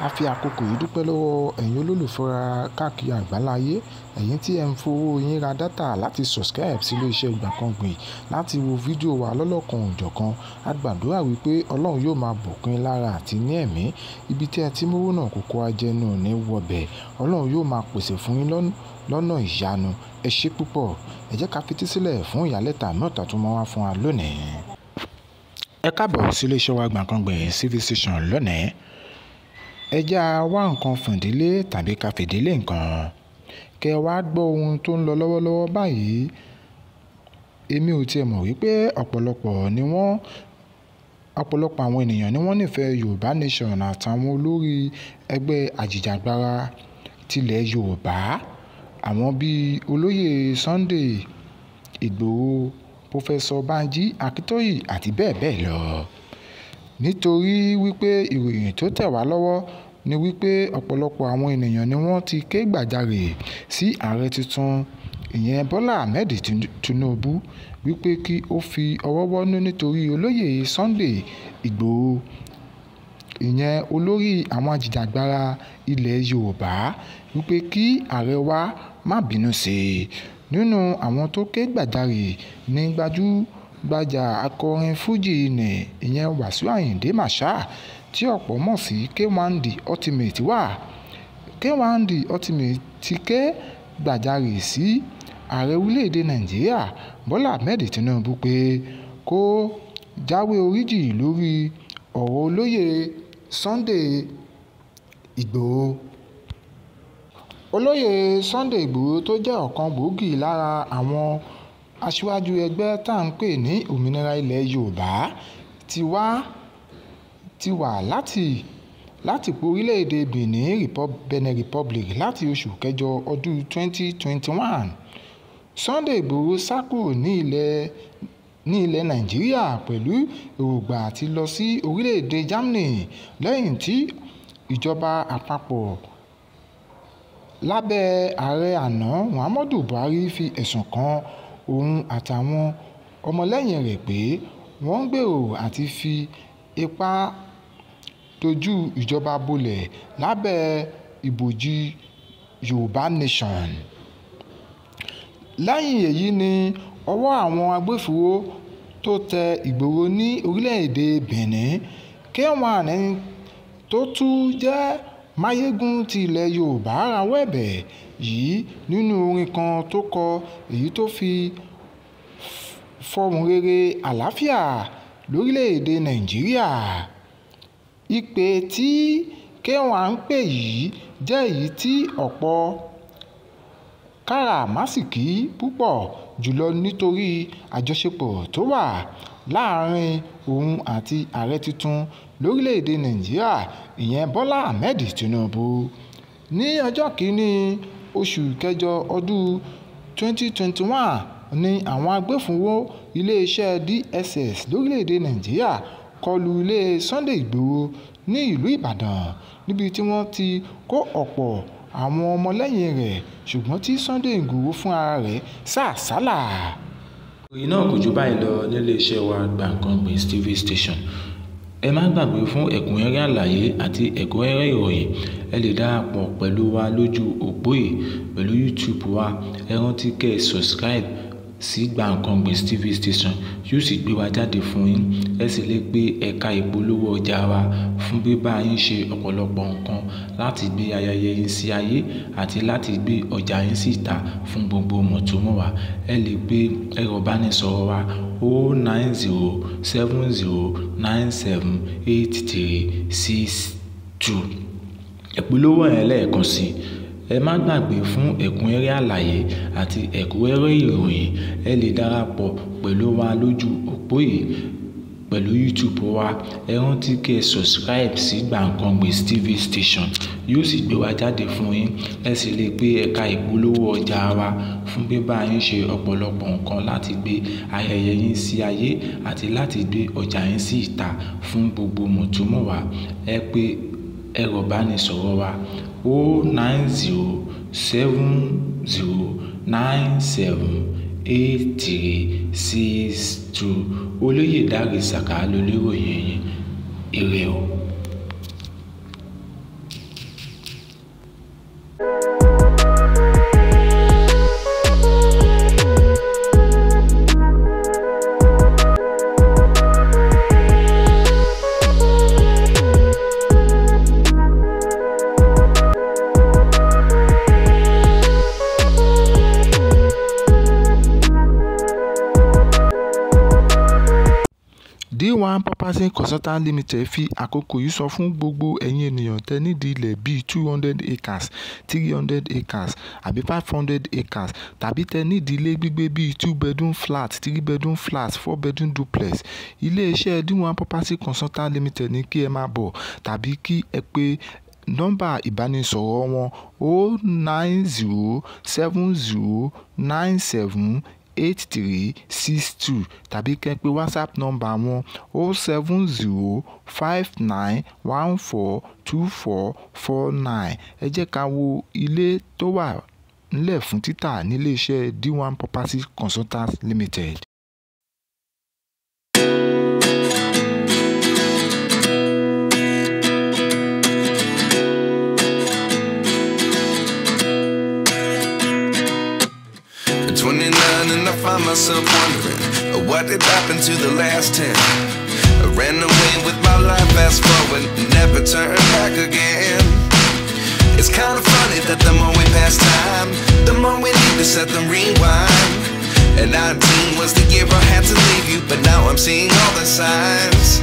a fi àkókò yìí dúpẹ́ lọ́wọ́ ẹ̀yin olólùfẹ́ wa káàkiri àgbáláyé ẹ̀yin tí ẹ ń fowó yín ra dátà láti subscribe sí iléeṣẹ́ Gbankanbi láti wo fídíò wa lọ́lọ́kan òjọ̀kan a gbàdúrà wípé ọlọ́run yóò máa bùkún lára àti ní ẹ̀mí ibi tí ẹ ti mówó náà kókó ajẹnu ní wọbẹ̀ ọlọ́run yóò máa pèsè fún yín lọ́nà ìyanu ẹ ṣé púpọ̀ ẹ jẹ́ ká fetí sílẹ̀ fún ìyálẹ́ta mẹ́ta tó máa wá fún wa lónìí ẹ káàbọ̀ sí iléeṣẹ́ wa Gbankanbi civil station lónìí ẹ já wá nǹkan fìdílé tàbí ká fìdílé nǹkan kẹ wá gbọ́ ohun tó ń lọ lọ́wọ́lọ́wọ́ báyìí èmi ò tiẹ̀ mọ̀ wípé ọ̀pọ̀lọpọ̀ ni wọ́n ọ̀pọ̀lọpọ̀ àwọn ènìyàn ni wọ́n nífẹ̀ẹ́ Yorùbá Nation àtàwọn olórí ẹgbẹ́ àjìjàgbara tilẹ̀ Yorùbá àwọn bíi olóyè Sunday Ìgbòho pọfẹsọ Banji Akíntóyè àti bẹ́ẹ̀ bẹ́ẹ̀ lọ. Nítorí wípé ìròyìn tó tẹ̀ wá lọ́wọ́ ni wípé ọ̀pọ̀lọpọ̀ àwọn ènìyàn ni wọ́n ti ké gbàjarè sí ààrẹ tuntun ìyẹn Bọ́lá Ahmed Tinubu wípé kí ó fi ọwọ́ wọ́nú nítorí Olóyè Sunday Ìgbòho, ìyẹn olórí àwọn ajìjàgbara ilẹ̀ Yorùbá wípé kí ààrẹ wa má bínú sí i. Nínú àwọn tó ké gbàjarè ni gbajúgbajà gbajúgbajà akọrin fuji nni ìyẹn wàsíù ayíǹde marshal tí ọ̀pọ̀ mọ̀ sí k1 the ultimate wá k1 the ultimate ti ké gbàjarè sí ààrẹ orílẹ̀-èdè nàìjíríà bọ́lá ahmed tinubu pé kó jáwé oríjì lórí ọ̀rọ̀ olóyè sunday igbòho olóyè sunday igbòho tó jẹ́ ọ̀kan gbòógì lára àwọn aṣíwájú ẹgbẹ́ tá à ń pè ní òmìnira ilẹ̀ yorùbá ti wá ti wà láti láti po orílẹ̀-èdè benin Repub benin republic láti oṣù kẹjọ ọdún 2021 sunday igboro sá kúrò ní ilẹ̀ ní ilẹ̀ nàìjíríà pẹ̀lú èròǹgbà àti lọ sí orílẹ̀-èdè germany lẹ́yìn tí ìjọba àpapọ̀ lábẹ́ ààrẹ àná muhammadu buhari fi ẹ̀sùn kan òun àtàwọn ọmọlẹ́yìn rẹ̀ pé wọ́n ń gbèrò àti fi ipá dojú ìjọba bolẹ̀ lábẹ́ ibòji Yorùbá nation lẹ́yìn èyí ni ọwọ́ àwọn agbófinró tó tẹ Ìgbòho ní orílẹ̀‐èdè Benin k1 tó tún jẹ́ máyégún ti ilẹ̀ yorùbá rawọ́ ẹ̀bẹ̀ yìí nínú orin kan tó kọ èyí tó fi fọ̀hùn rere àlàáfíà lórílẹ̀‐èdè nàìjíríà ìpè tí k1 ń pè yìí jẹ́ èyí tí ọ̀pọ̀ káràmásìkì púpọ̀ jùlọ nítorí àjọṣepọ̀ tó wà láàrin òun àti ààrẹ tuntun lórílẹ̀‐èdè nàìjíríà ìyẹn bọ́lá ahmed tinubu ní ọjọ́ kìíní oṣù kẹjọ ọdún 2021 ni àwọn agbófinró iléeṣẹ́ dss lórílẹ̀‐èdè nàìjíríà kọlu ilé sunday igbòho ní ìlú ìbàdàn níbi tí wọ́n ti kó ọ̀pọ̀ àwọn ọmọlẹ́yìn rẹ̀ ṣùgbọ́n tí sunday igbòho fúnra rẹ̀ sá àsálà. ìròyìn náà kò jù báyìí lọ nílé iṣẹ́ wa Gbankanbi TV station ẹ má gbàgbé fún ẹ̀kúnrẹ́rẹ́ àlàyé àti ẹ̀kúnrẹ́rẹ́ ìròyìn ẹ lè darapọ̀ pẹ̀lú wa lójú òpó yìí pẹ̀lú YouTube wa ẹ rántí kẹ́ ẹ subscribe sí Gbankanbi TV station yóò sì gbé wa jáde fún yín ẹ sì lè pe ẹ̀ka ìpolówó ọjà wa fún bíbá yín ṣe ọ̀pọ̀lọpọ̀ nǹkan láti gbé ayẹyẹ yín sí ayé àti láti gbé ọjà yín síta fún gbogbo mọ̀tòmọ́wà ẹ lè pe ẹ̀rọ ìbánisọ̀rọ̀ wa o nine zero seven zero nine seven eight three six two. ìpolówó yẹn lẹ́ẹ̀kan sí ẹ má gbàgbé fún ẹ̀kúnrẹ́rẹ́ àlàyé àti ẹ̀kúnrẹ́rẹ́ ìròyìn ẹ lè darapọ̀ pẹ̀lú wa lójú òpó yìí pẹ̀lú YouTube wa ẹ rántí kí ẹ subscribe sí Gbankanbi TV station yóò sì gbé wa jáde fún yín ẹ sì lè pe ẹ̀ka ìpolówó ọjà wa fún bíbá yín ṣe ọ̀pọ̀lọpọ̀ nǹkan láti gbé ayẹyẹ yín sí ayé àti láti gbé ọjà yín sí ìta fún gbogbo mọ̀túmọ̀wá ẹ pé ẹ̀rọ ìbánisọ̀rọ̀ wa o oh nine zero seven zero nine seven eight three six two olóyè dárí sàkáà lóléròyìn yín ire o. Land Purchasing consultant Limited fi àkókò yìí sọ fún gbogbo ẹ̀yin ènìyàn tẹ́nídìí ilẹ̀ bíi two hundred acres, three hundred acres àbí five hundred acres tàbí tẹ́nídìí ilé gbígbé bíi two-bedroom flat, three-bedroom flat, four-bedroom duplex, ilé iṣẹ́ D1 Property Consultants Limited ní kí ẹ máa bọ̀ tàbí kí ẹ pe nọ́ḿbà ìbánisọ̀rọ̀ wọn oh seven eight three six two tàbí kẹ́ ẹ pé whatsapp number: wọn o oh seven zero five nine one four two four four nine ẹ jẹ́ ká wo ilé tó wà ńlẹ̀ fún títà níléeṣẹ́ d one property consultants limited. find myself wondering uh, what did happen to the last ten. I ran away with my life, fast forward, never turn back again. It's kind of funny that the more we pass time, the more we need to set the rewind. And 19 was the year I had to leave you, but now I'm seeing all the signs.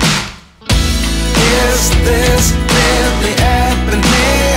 Is this really happening?